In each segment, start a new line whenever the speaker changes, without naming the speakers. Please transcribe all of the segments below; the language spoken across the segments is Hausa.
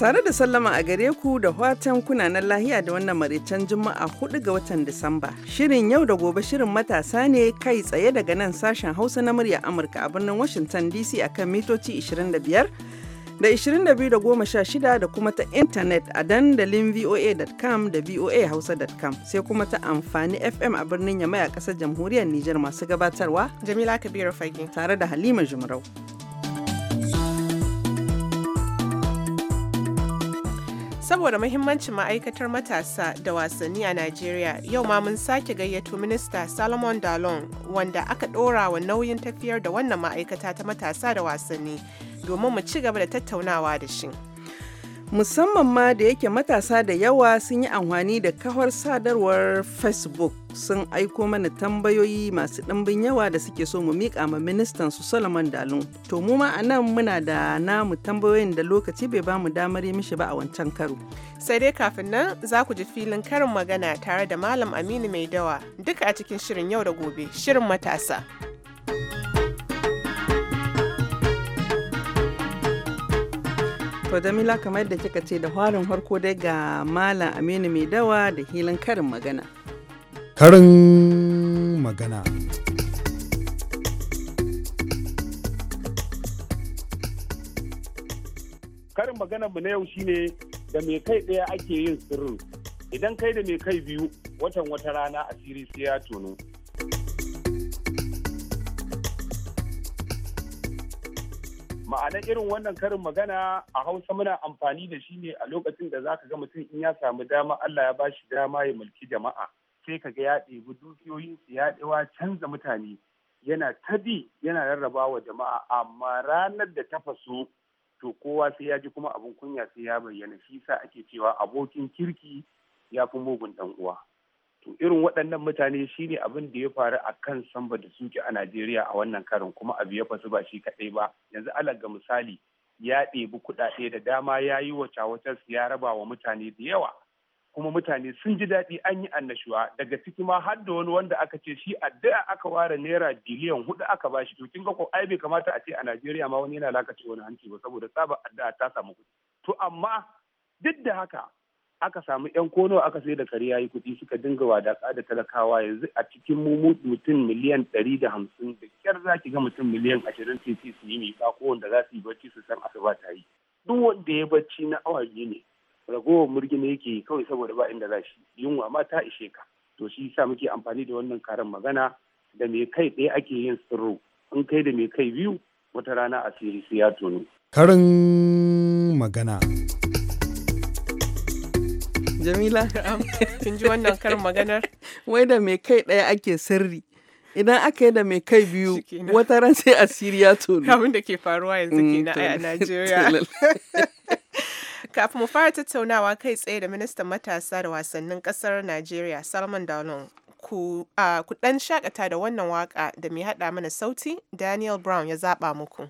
Tare da sallama a gare ku da watan kunanan lahiya da wannan maricen Juma'a 4 ga watan Disamba. Shirin yau da gobe shirin matasa ne kai tsaye daga nan sashen Hausa na murya Amurka a birnin Washington DC akan mitoci 25 da 22.16 da da kuma ta intanet a dandalin voa.com da voahausa.com sai kuma ta amfani FM a birnin Yamai a kasar jamhuriyar Nijar masu gabatarwa Jamila Kabiru
Fage tare da Halima Jumrau. Saboda muhimmancin ma'aikatar matasa da wasanni a Najeriya, yau ma mun sake gayyato Minista Salomon Dalon wanda aka ɗora wa nauyin tafiyar da wannan ma'aikata ta matasa da wasanni domin mu ci gaba da tattaunawa da shi.
musamman ma da yake matasa da yawa sun yi amfani da kawar sadarwar facebook sun aiko mana tambayoyi masu ɗimbin yawa da suke so mu miƙa ma ministan su solomon dalun to mu ma a nan muna da namu tambayoyin da lokaci bai
ba mu damar yi mishi ba a wancan karo sai dai kafin nan za ku ji filin karin magana tare da malam aminu mai dawa duka a cikin shirin yau da gobe shirin matasa.
To
Jamila kamar yadda kika ce da farin harko dai ga Malam Aminu mai dawa da hilin karin magana.
Karin magana. Karin magana mu na yau shine da mai kai ɗaya ake yin sirri Idan kai da mai kai biyu watan wata rana asiri sai ya tono. ma'ana irin wannan karin magana a hausa muna amfani da shi ne a lokacin da zaka ga mutum in ya samu dama Allah ya bashi dama ya mulki jama'a sai ka ga ya ɗebi dukiyoyin su ya ɗewa canza mutane yana ta yana rarraba wa jama'a amma ranar da ta faso to kowa sai ya ji kuma abin kunya sai ya bayyana shi sa ake cewa abokin kirki ya fi mugun dan uwa to irin waɗannan mutane shine abin da ya faru a kan samba da suke a najeriya a wannan karin kuma abu ya fasu ba shi kaɗai ba yanzu ga misali ya ɗebi kuɗaɗe da dama ya yi su ya raba wa mutane da yawa kuma mutane sun ji daɗi an yi annashuwa daga ciki ma har da wani wanda aka ce shi addu'a aka ware naira biliyan hudu aka bashi to kin ga ko ai bai kamata a ce a Najeriya ma wani yana lakace wani hanci ba saboda tsaba addu'a ta samu kuɗi to amma duk da haka aka samu yan kono aka sai da kare yayi kuɗi suka dinga wadaƙa da talakawa yanzu a cikin mutum miliyan ɗari da hamsin da kyar za ki ga mutum miliyan ashirin sai su yi miƙa ko wanda za su yi bacci su san asuba ta yi duk wanda ya bacci na awa biyu ne ragowar murgina yake kawai saboda ba inda za shi yunwa ma ta ishe ka to shi sa muke amfani da wannan karin magana da mai kai ɗaya ake yin sirru in kai da mai kai biyu wata rana asiri sai ya tono. Karin magana. Jamila. Kin ji wannan karin
maganar? Wai da mai kai
ɗaya ake sirri. Idan aka yi da mai kai biyu,
wata ran sai asiri ya tono. Abin da ke faruwa yanzu mm, kenan a Najeriya. Kafin mu fara tattaunawa kai tsaye da ministan matasa da wasannin kasar Najeriya, Salman Dalon, ku dan ah, shakata da wannan waka da mai haɗa mana sauti, Daniel Brown ya zaɓa muku.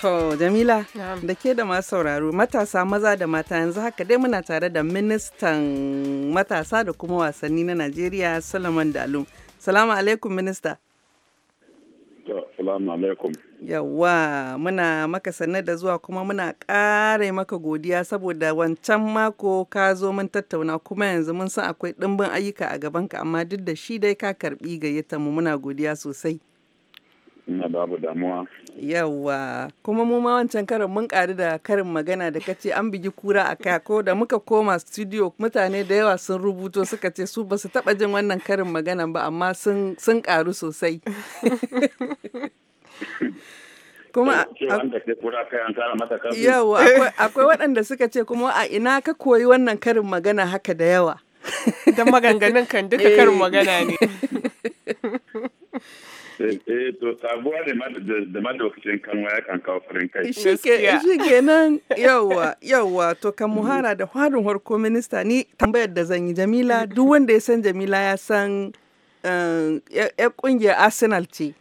To Jamila da ke da masu sauraro matasa maza da mata yanzu haka dai muna tare da ministan matasa da kuma wasanni na Najeriya Solomon Dalum. Salamu alaikum minista.
Salamu alaikum.
Yawwa muna maka sanne da zuwa kuma muna ƙare maka godiya saboda wancan mako ka zo mun tattauna kuma yanzu mun san akwai ɗimbin ayyuka a gabanka amma duk da shi dai ka karɓi ga mu muna godiya sosai.
Ina babu damuwa.
Yawwa, kuma mu ma wancan karin mun ƙaru da karin magana da kace an bigi kura a kako da muka koma studio mutane da yawa sun rubuto suka ce su basu taɓa jin wannan karin magana ba amma sun ƙaru sosai.
kuma yawa
akwai waɗanda suka ce kuma a ina ka koyi wannan karin magana haka da yawa. Don
maganganun kan duka karin magana ne.
Eh, eh to sabuwa da madaukakin kanwa ya kan kawo farin kai. Eh, shi ke nan yawwa
yawwa to kan muhara mm. da harin harko minista ni tambayar da zan yi Jamila mm. duk wanda ya san Jamila ya san eh, ya kungiyar Arsenal ce.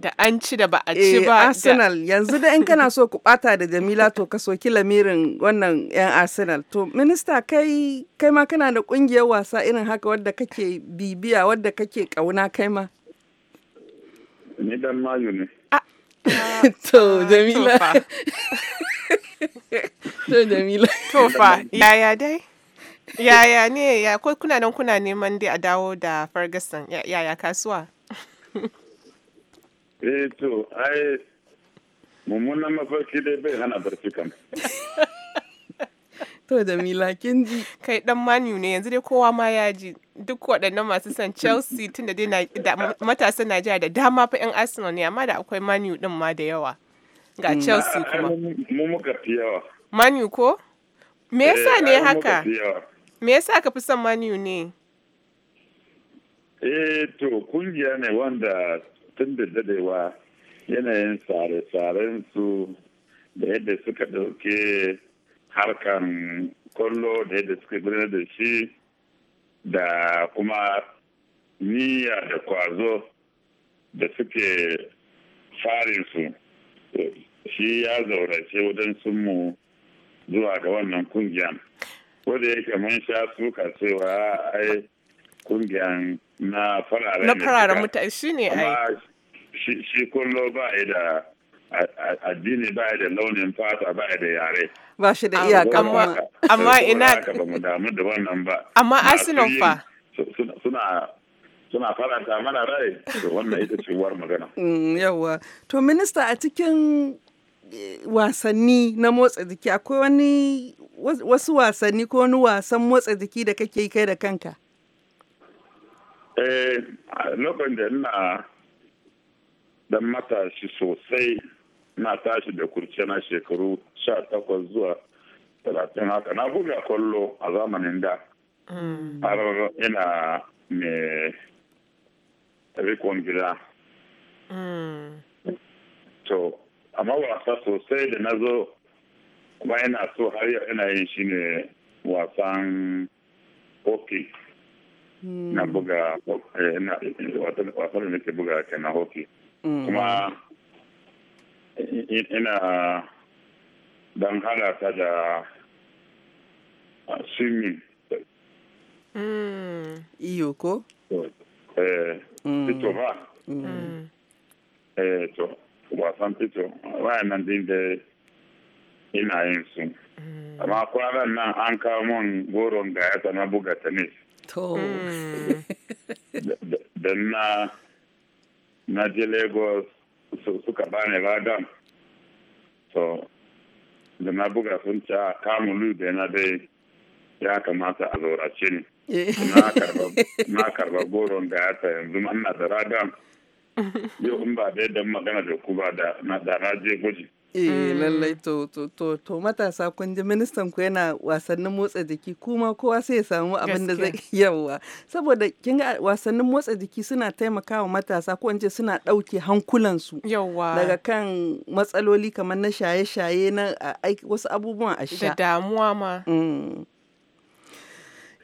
Da an ci da ba a ci ba. Arsenal
yanzu da in kana so ku bata da Jamila to ka soki lamirin wannan 'yan Arsenal. To minista kai kai ma kana da kungiyar wasa irin haka wadda kake bibiya wadda kake kauna kai ma.
Ni dan mayu ne. Ah. Ah, to, Jamila. To, Jamila. To fa, yaya dai?
Yaya ne, ya ko kuna nan kuna neman dai a dawo da Ferguson, yaya kasuwa?
Eh to, ai mummunan mafarki dai bai hana barci kam.
To, Jamila, kin ji. Kai dan manyu ne, yanzu dai kowa ma ya ji. duk waɗannan masu san Chelsea tun da matasan Najeriya da dama fa 'yan Arsenal ne amma da akwai Manu ɗin ma da yawa. Ga mm, Chelsea kuma.
Mu muka fi yawa.
Manu ko? Me yasa ne eh, haka? Me yasa ka fi son Manu ne?
Eh to kungiya ne wanda tun da dadewa yanayin tsare-tsaren su da yadda suka ɗauke harkan kwallo da yadda suka gudanar da shi da kuma niyya da kwazo da suke farinsu shi ya zaurace mu zuwa ga wannan kungiyan wadda yake mun sha suka cewa ai kungiyan na fararen
mutane shi ne ai
shi kullo ba da addini ba da launin fata ba da yare
ba shi da iyaka amma ina
ba mu damu da wannan ba amma arsenal fa suna suna faranta mana rai wannan ita ce war magana
mm, yawa to minista a cikin eh, wasanni na motsa jiki akwai wani wasu wasanni ko wani wasan motsa jiki da kake kai da kanka
eh lokacin da ina dan matashi sosai na tashi da kurciya na shekaru sha takwas zuwa talatin haka na buga kwallo a zamanin da mm. har ina mai rikon gida
mm.
to amma wasa sosai da na zo kuma ina so har yau ina yin shi ne wasan hoki mm. na buga eh, wasan da nake buga kenan hoki kuma ina don hada ta da swimming
mm. iyo ko?
eh fito mm. ba
mm.
eh to wasan fito wayannan din da ina yin e su amma kwanan nan an kawo mun goron gayata na buga tennis to da uh, na na je lagos suka bani ladan so da na buga sun ca a ah, kamulu da na dai ya kamata a zorace ni eh. na karba goron da ya ta yanzu ana da ladan yau in ba da yadda magana da ku ba da na je gwaji
Eh mm. lallai to to to to matasa kun ji ministan ku yana wasannin motsa jiki kuma kowa sai ya samu abin da zai yawa saboda kin ga wasannin motsa jiki suna taimakawa matasa ko ce suna ɗauke hankulansu yawa daga kan matsaloli kamar na shaye-shaye na wasu abubuwan a sha da damuwa ma mm.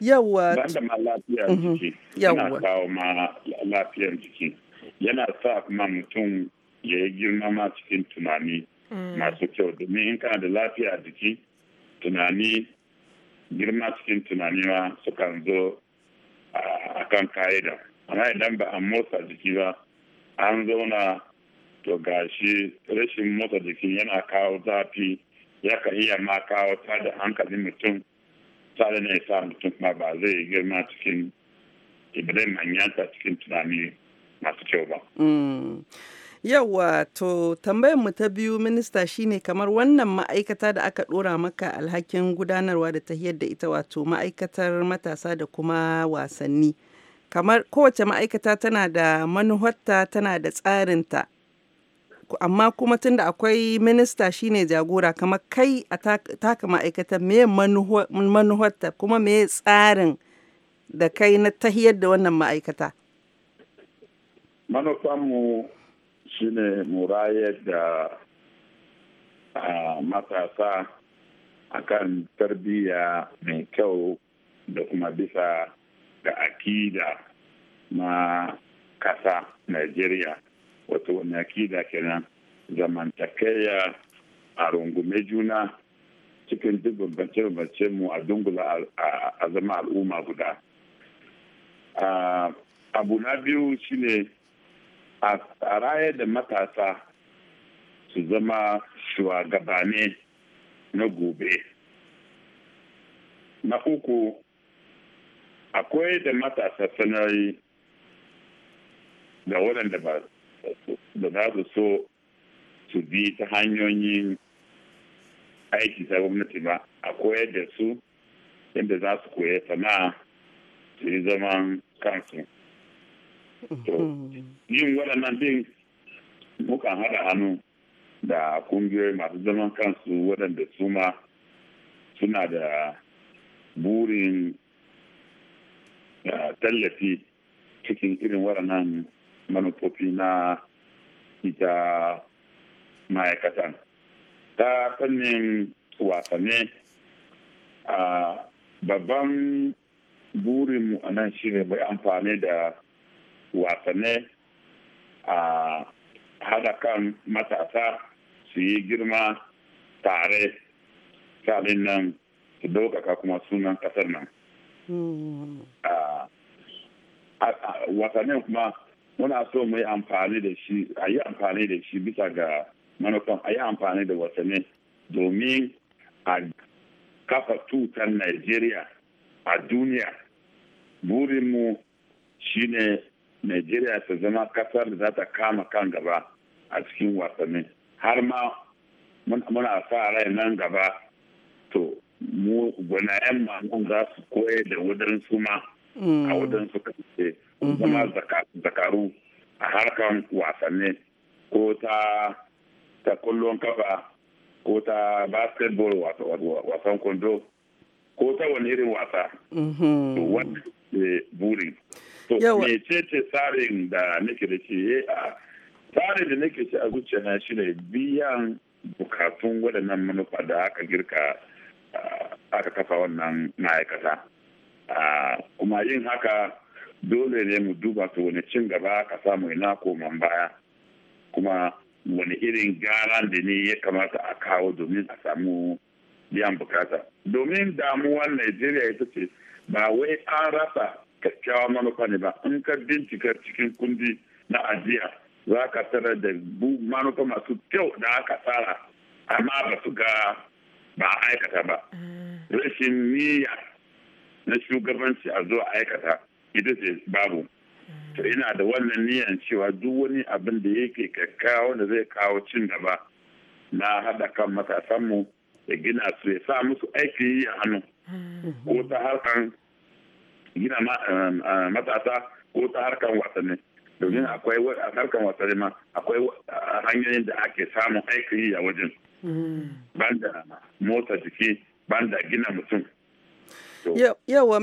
yawa da ma lafiyar mm-hmm. jiki yana kawo ma lafiyar jiki yana sa kuma mutum ya yi girma ma cikin tunani Mm. masu kyau domin in kana da lafiya a jiki tunani girma cikin tunani ma sukan zo a kan ka'ida amma idan ba a motsa jiki ba an zauna to gashi rashin motsa jiki yana kawo zafi ya ka iya ma kawo da hankalin mutum da ne sa mutum kuma ba zai girma cikin ibrahim manyanta cikin tunani masu kyau ba.
Mm.
Yawwa to tambayar mu ta biyu minista shine kamar wannan ma'aikata da aka dora maka alhakin gudanarwa da tahiyar da ita wato ma'aikatar matasa da kuma wasanni. Kamar kowace ma'aikata tana da manuhatta tana da tsarinta. Amma kuma tunda akwai minista shine jagora kamar kai a taka ma'aikata me manuhatta kuma me tsarin da kai na tahiyar da wannan ma'aikata.
Manufanmu shine murayar da matasa akan tarbiyya mai kyau da kuma bisa da akida na kasa Najeriya wato wani akida kenan zamantakaya a rungume juna cikin duk bambance-bambance mu a dungula a zama al'umma guda. abu na biyu shine a rayar da matasa su zama shugabane na gobe na uku akwai da matasa sanarari da waɗanda ba da za su so su bi ta hanyoyin aiki ta gwamnati ba a koyar da su yadda za su koya sana'a su yi zaman kansu yin waɗannan din mukan haɗa hannu da ƙungiyoyi masu zaman kansu waɗanda su ma suna da burin eh, tallafi cikin irin waɗannan manufofi na ita ma'aikatan ta fannin wasanni a ah, babban burinmu a nan shi ne mai amfani da wasanni a hada kan matasa su yi girma tare kalin nan su daukaka kuma sunan kasar nan hmm. wasannin kuma muna so mu yi amfani da shi a yi amfani da shi bisa ga manufan a yi amfani da wasanni domin a kafa tutar nigeria a duniya burinmu shine Najeriya ta zama kasar da za ta kama kan gaba a cikin wasannin har ma muna sa rai nan gaba to mu yan mamun za su koye da wadansu ma a mm. wadansu kasance mm-hmm. zama zakaru a harkan wasanni ko ta ta kullon kafa ko ta basketball wasan kwando ko ta wani irin wasa
mm-hmm.
wani burin To, ce tsarin da nake da ya a tsarin da nake ce a zuciya na shi ne biyan bukatun waɗannan manufa da aka girka aka kafa wannan ma'aikata. Kuma yin haka dole ne mu duba su wani cin gaba ka samu ina koman baya kuma wani irin garan da ne ya kamata a kawo domin a samu biyan bukata. Domin damuwar Najeriya ita ce ba wai an rasa kyakkyawan manufa ne ba in ka bincika cikin kundi na ajiya za ka tara da manufa masu kyau da aka tsara amma ba su ga ba aikata ba ah. rashin niyya na shugabanci a zuwa aikata ita ce babu ah. to ina da wannan niyan cewa duk wani abin da yake kyakkyawa da zai kawo cin gaba na haɗa kan matasanmu ya gina su ya sa musu aiki yi a hannu ah. ko ta harkan gina um, uh, matata ko ta harkar wasanni domin akwai harkar wasanni ma akwai uh, hanyoyin da ake samun aiki a wajen mm. banda motsa jiki banda gina mutum Yawa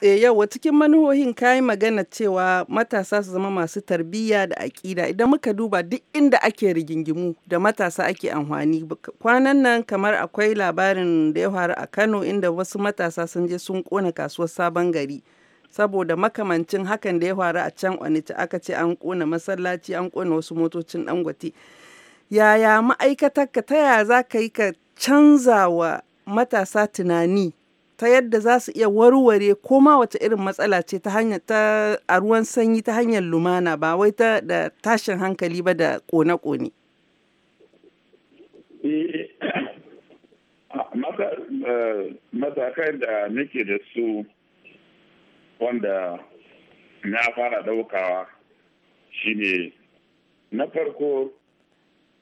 eh, Yawa cikin manuhohin kayi magana cewa matasa su zama masu tarbiyya da aƙida idan muka duba duk inda ake rigingimu da matasa ake amfani kwanan nan kamar akwai labarin da ya faru a Kano inda wasu matasa sun je sun kona kasuwar sabon gari. saboda makamancin hakan da ya faru a can onita aka ce an kona masallaci an kona wasu motocin dangote yaya ma'aikatar ka ta yaya za ka yi ka canza matasa tunani ta yadda za su iya warware koma ma wace irin matsala ce ta hanyar ta a ruwan sanyi ta hanyar lumana ba wai ta da tashin hankali ba da kone-kone.
Eh, eh, matakai da nake da su wanda na fara daukawa shine na farko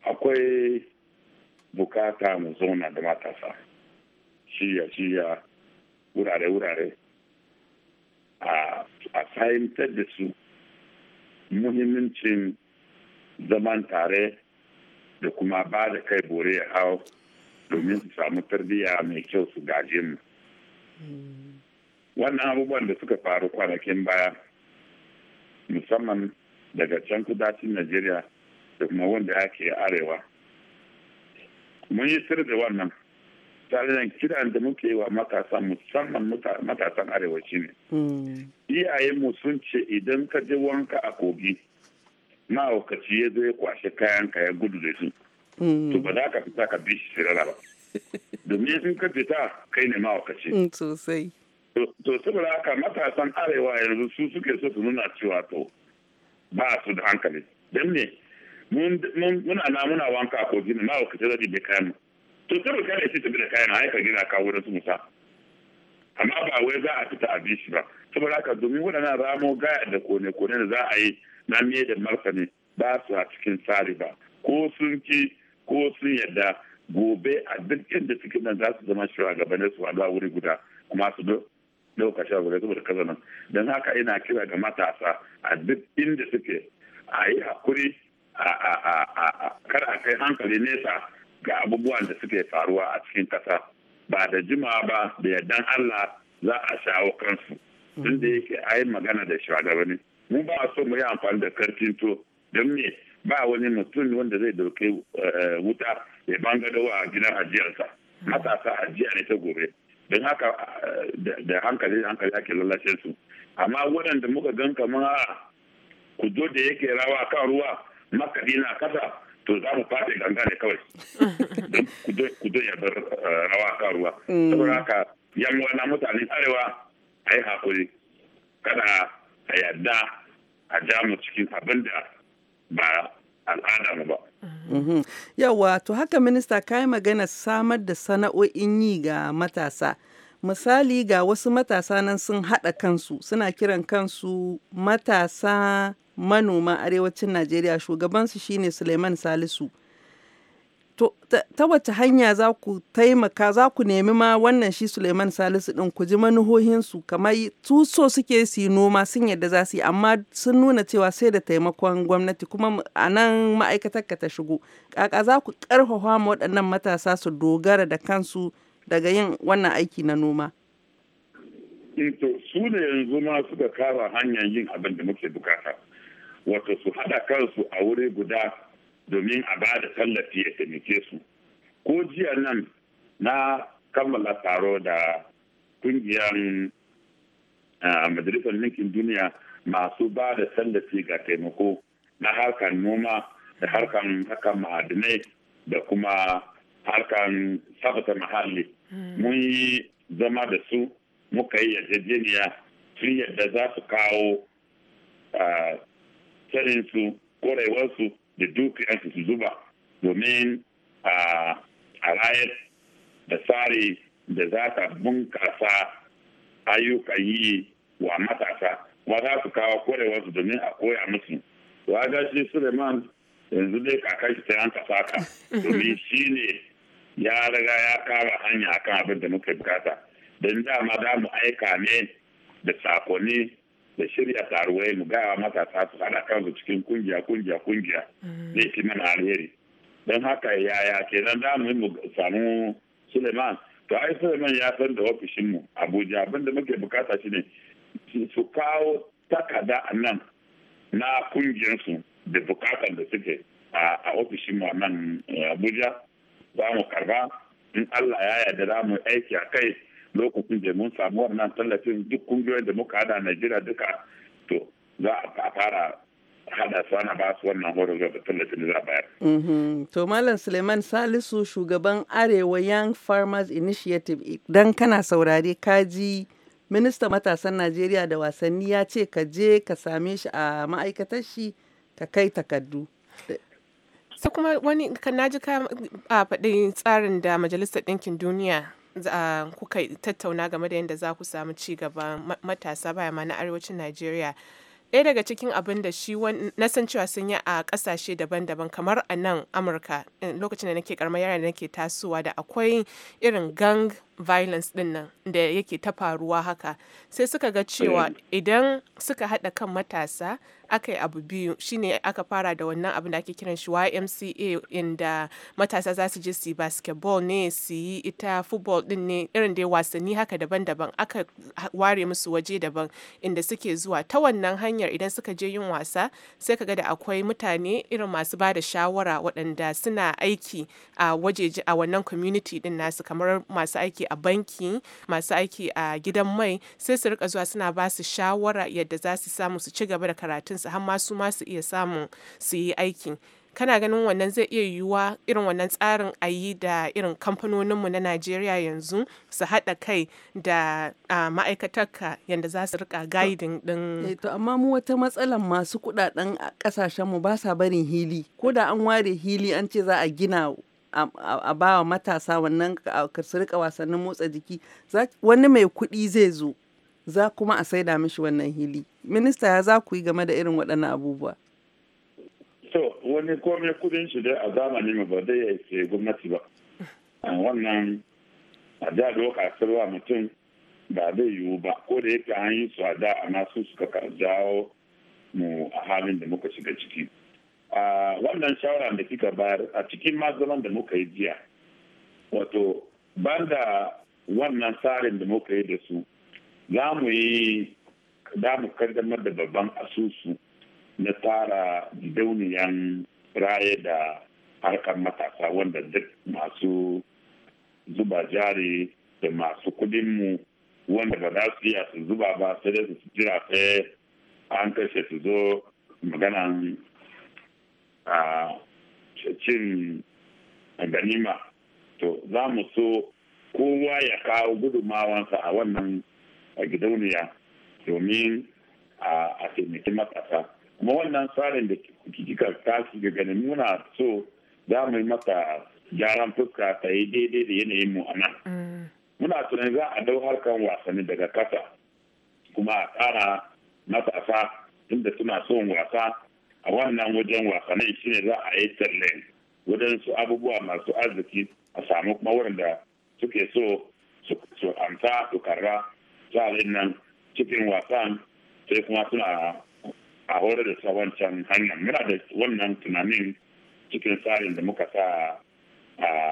akwai bukata mu zauna da matasa. shirya shirya wurare-wurare a fahimtar da su muhimmancin zaman tare da kuma ba da kai bore a hau domin su samu tarbiyya mai kyau su gaje mu. Wannan abubuwan da suka faru kwanakin baya musamman daga can kudacin Najeriya da kuma wanda ake arewa. Mun yi sir da wannan misali nan kiran da muke wa matasa musamman matasan arewa hmm. iyayen mu sun ce idan ka je wanka a kogi ma'aukaci ya zo ya kwashe kayan ka ya gudu da su hmm. to ba za ka fita ka bi shi sirara ba domin sun ka fita kai ne ma'aukaci hmm, sosai to saboda haka matasan arewa yanzu su suke so su nuna cewa to ba su da hankali don ne muna na muna wanka a kogi ne ma'aukaci zai bai kayan mu to kawai kana ce tafi da kayan haika gina kawo da su musa amma ba wai za a fita a bi ba saboda haka domin waɗannan ramo gaya da kone-kone da za a yi na miye da martani ba su a cikin tsari ba ko sun ki ko sun yadda gobe a duk inda suke nan za su zama ne su a wuri guda kuma su a shawarar saboda kaza nan don haka ina kira ga matasa a duk inda suke a yi hakuri a kar a kai hankali nesa ga abubuwan da suke faruwa a cikin kasa ba da jimawa ba da yardan Allah za a shawo kansu tun da yake a yi magana da shugabanni mu ba so mu yi amfani da karfin to don me ba wani mutum wanda zai dauke eh, wuta ya bangado a gidan ajiyarsa matasa ajiya ne ta gobe don haka eh, da hankali hankali ake lalace su amma waɗanda muka gan kamar kudo da yake rawa kan ruwa makadina na kasa to za mu faɗi ganga ne kawai don kudin ya bar eh, rawa kan ruwa mm. saboda haka yan na mutanen arewa a yi hakuri kada a yarda a ja mu cikin abinda da ba al'ada mu ba
mm-hmm. yawa to haka minista kayi magana samar da sana'o'in yi ga matasa Misali ga wasu matasa nan sun haɗa kansu suna kiran kansu matasa manoma arewacin Najeriya shugabansu shine Suleiman Salisu. To, ta, ta wace hanya za ku taimaka za ku nemi ma wannan shi Suleiman Salisu ɗin ku ji manuhohinsu kamar su suke su noma sun yadda za su yi amma sun nuna cewa sai da taimakon gwamnati kuma a nan ma'aikatar ka ta shigo. Kaka za ku ƙarfafa ma waɗannan matasa su dogara da kansu daga yin wannan aiki na noma?
Eh, to su ne yanzu ma suka kara hanyar yin abin da muke bukata wato su haɗa kansu a wuri guda domin a ba da tallafi ya taimake su ko jiya nan na kammala taro da kungiyar eh, majalisar ninkin duniya masu ba da tallafi ga taimako na harkar noma da harkar haka ma'adinai da kuma harkan sabata muhalli hmm. mun yi zama da su muka yi yarjejeniya sun yadda za su kawo su korewarsu da dukiyansu su zuba domin a rayar da tsari da za ta bunkasa ayyukan yi wa matasa kuma za su kawo korewarsu domin a koya musu to ga shi suleiman yanzu dai kakashi ta yanka saka domin shi ne ya riga ya kara hanya akan abin da muka bukata don dama za mu aika ne da sakonni da shirya taruwai mu gawa matasa su haɗa kansu cikin kungiya kungiya kungiya mm. zai fi mana alheri don haka yaya kenan za mu samu suleiman to ai suleiman ya san da ofishinmu abuja abin da muke bukata ne su kawo takada a nan na kungiyarsu da bukatar da suke a ofishinmu a nan eh, abuja za mu karba in Allah ya yarda za mu aiki a kai lokacin da mun samu wannan tallafin duk kungiyoyin da muka hada Najeriya duka to za a fara hada su ana ba su wannan horo da tallafin da za a bayar.
Mm-hmm.
To Malam Suleiman Salisu shugaban Arewa Young Farmers Initiative idan kana saurare kaji minista matasan Najeriya da wasanni ya ce ka je ka same shi a ma'aikatar shi ka kai takardu.
sa kuma wani na ji ka a faɗi tsarin da majalisar ɗinkin duniya kuka tattauna game da yadda za ku samu ci gaba matasa baya ma na arewacin najeriya ɗaya daga cikin abin da shi na san cewa sun yi a ƙasashe daban-daban kamar a nan amurka eh, lokacin da nake karamar yara da nake tasowa da akwai irin gang violence din nan da yake ta faruwa haka sai suka ga cewa eh. idan suka haɗa kan matasa aka yi abu biyu shine aka fara da wannan abin da ake kiran shi YMCA inda matasa za su je su yi basketball ne su yi ita football din ne irin dai wasanni haka daban-daban aka ware musu waje daban inda suke zuwa ta wannan hanyar idan suka je yin wasa sai ka ga da akwai mutane irin masu ba da shawara waɗanda suna aiki a wajeji a wannan community din nasu kamar masu aiki a banki masu aiki a gidan mai sai su rika zuwa suna ba su shawara yadda za su samu su ci gaba da karatun su har ma su ma su iya samun su yi aiki kana ganin wannan zai iya yiwuwa irin wannan tsarin a yi da irin kamfanoninmu na najeriya yanzu su haɗa kai da ma'aikatarka yadda za su rika gaidin ɗin. Eh, to
amma mu wata matsalar masu kudaden ƙasashenmu ba sa barin hili ko da an ware hili an ce za a gina a bawa matasa wannan su rika wasannin motsa jiki wani mai kuɗi zai zo za kuma a saida mishi wannan hili minista ya za ku yi game da irin waɗannan abubuwa
to wani komai kuɗin shi dai a zamanin ba dai ya ce gwamnati ba wannan a da doka sirwa mutum ba zai yiwu ba ko da yake an yi su a da amma su suka jawo mu a halin da muka shiga ciki a wannan shawara da kika bayar a cikin mazaman da muka yi jiya wato banda wannan tsarin da muka yi da su za mu yi da kaddamar da babban asusu na tara gidauniyan raye da harkar matasa wanda duk masu zuba jari da masu kudinmu wanda ba za su iya zuba ba sai dai su jira sai an kashe su zo maganan A cin ganima to za mu so kowa ya kawo gudumawansa a wannan gidauniya domin a taimaki matasa kuma wannan tsarin da kika tashi ga ganin muna so za mu yi masa gyaran fuska ta yi daidai da yanayin mu a nan mm. muna tunanin za a dau harkan wasanni daga kasa kuma a tsara matasa inda suna son wasa a wannan wajen wasannin shine za a yi wajen wadansu abubuwa masu arziki a samu kuma waɗanda suke so su amsa su karra sa'alin nan cikin wasan sai kuma suna a horar da sa wancan hanyar muna da wannan tunanin cikin tsarin da muka sa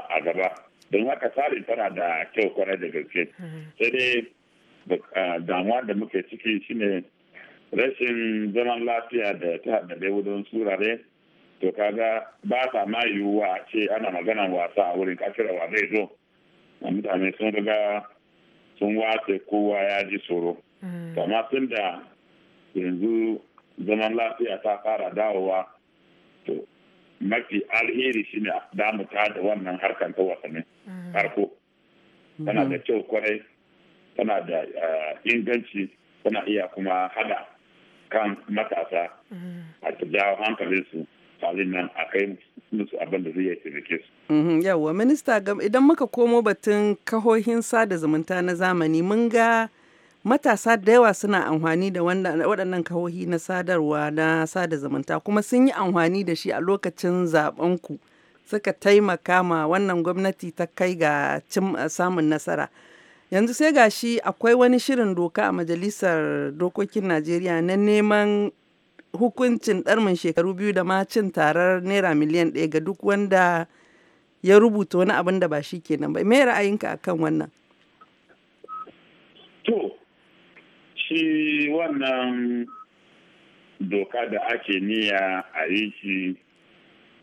a gaba don haka tsarin tana da kyau kwarai da gaske mm-hmm. sai dai eh, damuwa da muke ciki shine rashin zaman lafiya da ta da wajen surare to kaga ba sa ma yiwuwa ce ana maganan wasa a wurin wa zai zo na mutane sun riga sun wace kowa ya ji tsoro mm. amma tun da yanzu zaman lafiya ta fara dawowa to mafi alheri shine ne a ta da wannan harkar ta wasannin mm. farko tana da mm-hmm. kyau kwarai tana da eh, inganci tana iya kuma hada kan matasa a jawo hankalinsu halin nan a kai musu abin da zai taimake su.
Mhm, Yawwa minista idan muka komo batun kahohin sada zumunta na zamani mun ga matasa da yawa suna amfani da waɗannan kahohi na sadarwa na sada zumunta kuma sun yi amfani da shi a lokacin zaben ku suka taimaka ma wannan gwamnati ta kai ga samun nasara. yanzu sai ga shi akwai wani shirin doka a majalisar dokokin najeriya na neman hukuncin ɗarmin shekaru biyu da ma cin tarar naira miliyan ɗaya ga duk wanda ya rubuta wani abin da ba shi kenan ba me ra'ayinka akan wannan
to shi wannan doka da ake niya a yi shi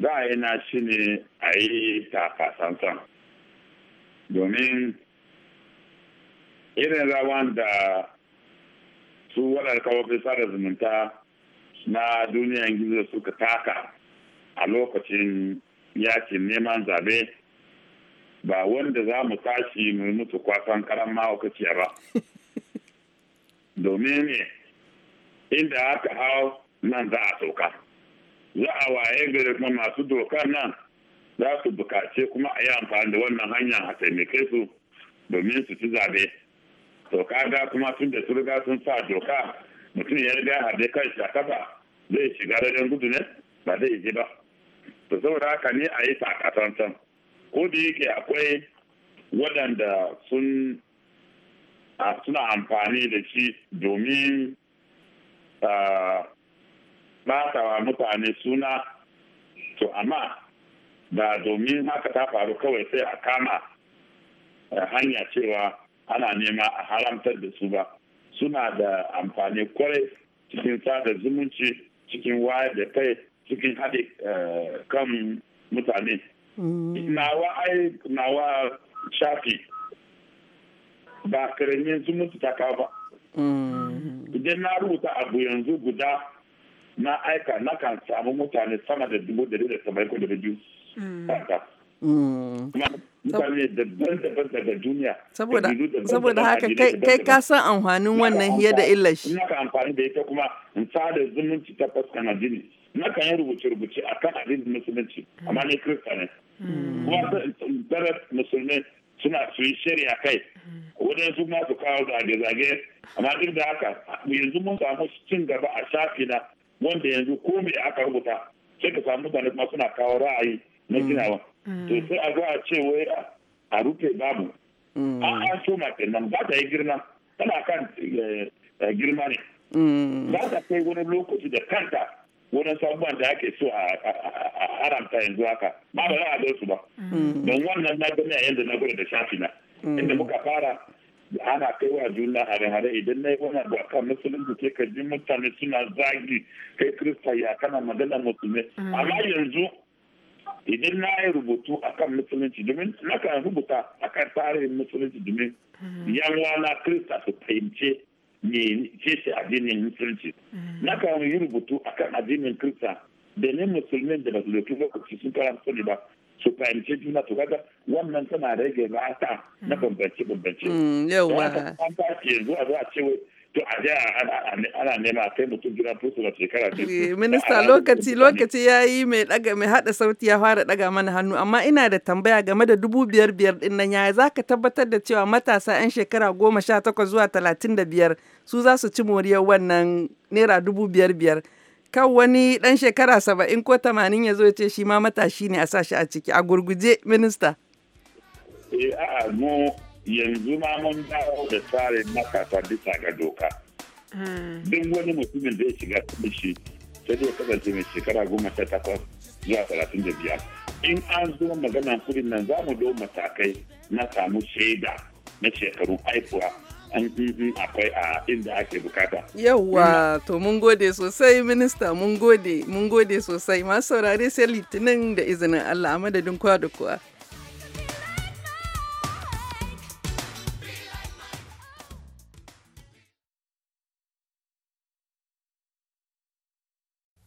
za a yi na shi ne a yi ta domin irin rawan da su waɗanda kawafin sada zumunta na duniyan gizo suka taka a lokacin yakin neman zabe ba wanda za mu tashi mu mutu kwasan karan mahaukaciya ba domin ne inda aka hau nan za a sauka za a waye gari kuma masu dokar nan za su bukace kuma a yi amfani da wannan hanya a taimake su domin su ci zabe. doka kaga kuma tun da sun sun sa doka mutum ya riga harbe kai a kafa zai shiga rajen gudu ne ba zai yi ba to saboda haka ne a yi takatantan ko da yake akwai waɗanda sun suna amfani da shi domin ɓatawa mutane suna to amma ba domin haka ta faru kawai sai a kama eh, hanya cewa ana nema a haramtar da su ba suna da amfani kwarai cikin sada zumunci cikin wayar da kai cikin haɗe eh, kan mutane mm. nawa ai nawa shafi ba karamin zumunci ta kawo ba mm. idan na rubuta abu yanzu guda na aika na kan samu mutane sama da dubu da da da biyu mm. saboda haka kai ka
san amfanin wannan
hiyar da illar shi ina ka amfani da ita kuma in da zumunci ta fuskan addini na kan yi rubuce-rubuce a kan addinin musulunci amma ne kirista ne
hmm. kuma
barat musulmi suna su yi shirya kai waɗansu ma su kawo zage-zage amma duk da haka yanzu mun samu cin gaba a shafi na wanda yanzu ko me aka rubuta sai ka samu mutane kuma suna kawo ra'ayi na hmm. ginawa Mm. sai a zo a ce wai a rufe babu mm. a an so mace nan ba ta yi girma tana kan eh, eh, girma ne mm. za ta kai wani lokaci da kanta wurin sabuwan da ake so a haramta yanzu haka ba ba za a zo su ba don wannan na gani a yanzu na gudu da shafi na inda muka fara ana kai wa juna hare-hare idan na yi wani abu akan musulunci ke ka ji mutane suna zagi kai kirista ya kana magana musulmi amma yanzu idan na yi rubutu akan musulunci domin na kan rubuta akan tarihin musulunci domin
mm. yanwa
na kirista su fahimce ne ce shi addinin musulunci mm. na kan yi rubutu akan addinin kirista da ne musulmin da basu su dauki lokaci sun kara musulmi ba su fahimci juna to kaga wannan tana rage rata na mm. bambance bambance. Yawa. Wata yanzu a zuwa cewa to a je ana nema kai mutum shekara eh, Minista lokaci lokaci
ya yi mai daga mai hada sauti ya fara daga mana hannu amma ina da tambaya game da dubu biyar biyar din nan yaya za ka tabbatar da cewa matasa 'yan shekara goma sha takwas zuwa talatin da biyar su za su ci moriyar wannan naira dubu biyar biyar. Kan wani dan shekara saba'in ko tamanin ya zo ya ce shi ma matashi ne a sa shi a ciki a gurguje minista.
Eh a'a mu yanzu ma mun dawo da n'a matasa bisa ga doka hmm. duk wani mutumin da ya shiga shi sai dai kasance mai shekara goma sha takwas zuwa talatin da biyar in an zo magana kudin nan za mu dau matakai na samu shaida na shekaru haifuwa an akwai a inda ake bukata.
Yawwa to mun gode sosai minista mun gode mun gode sosai masu saurare sai litinin da izinin Allah a madadin kwa da kuwa.